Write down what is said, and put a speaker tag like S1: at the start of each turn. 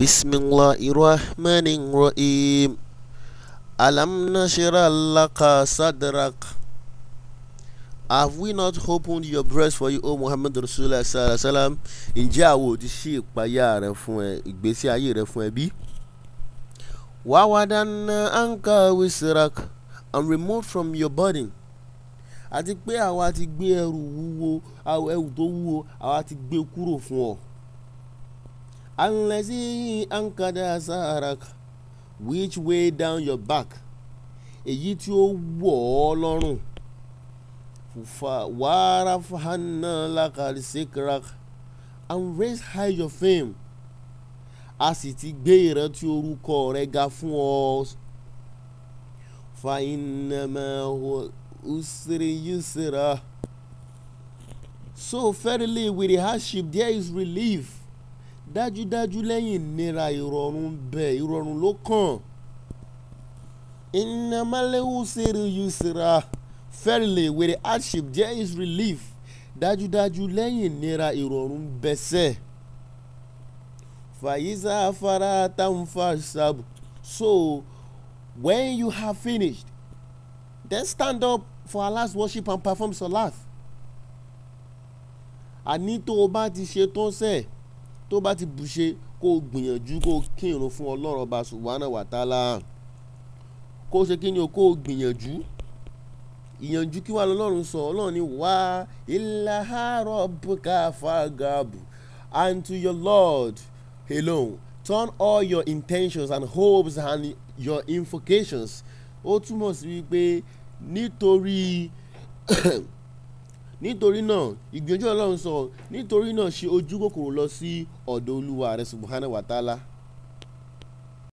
S1: بسم الله الرحمن الرحيم ألم نشرح لك صدرك Have we not opened your breast for you, O Muhammad Rasulullah sallallahu alaihi wa sallam? Ǹjẹ́ àwo ti ṣí ìpayà rẹ fún ẹ, ìgbésí ayé rẹ fún ẹ bí? Wa wadanna anka wisrak and removed from your body. Àti pé àwa ti gbé ẹrù wúwo, ẹrù tó wúwo, àwa ti gbé kúrò fún ọ. Unless he alẹ́sí a sarak which way down your back èyí tí ó wọ̀ ọ́ lọ́rùn wàhálà fàánà lákàrí sekrak and raise high your fame a sì ti gbé ìrántí orúkọ rẹ ga fún ọ fàínàmà usri yusra so fairly with the hardship there is relief dájúdájú lẹ́yìn ìnira ìrọ̀rùn ń ìrọ̀rùn ló kàn ìnàmálẹ́wù sèrè yusra fairly wèrè hardship there is relief dájúdájú lẹ́yìn ìnira ìrọ̀rùn bẹ́sẹ̀ fàyíṣà afárá táǹfà sábù so when you have finished then stand up for our last worship and perform salat àní tó o bá ti ṣe tán sẹ́ẹ̀ tó bá ti bù ṣe kó gbìyànjú kó kírun fún ọlọ́run ọba subhana wa ta'ala kó ṣe kí ni o kó gbìyànjú ìyànjú kí wàá lọ́lọ́run sọ ọlọ́run ni wá ilaha rabbuka fagabu and to your lord alone turn all your intentions and hopes and your invocations ó túmọ̀ sí wípé nítorí nítorí náà ìgbìyànjú ọlọ́run sọ nítorí náà ṣe ojú kòkòrò lọ sí ọ̀dọ̀ olúwa rẹ subhanahu wa ta'ala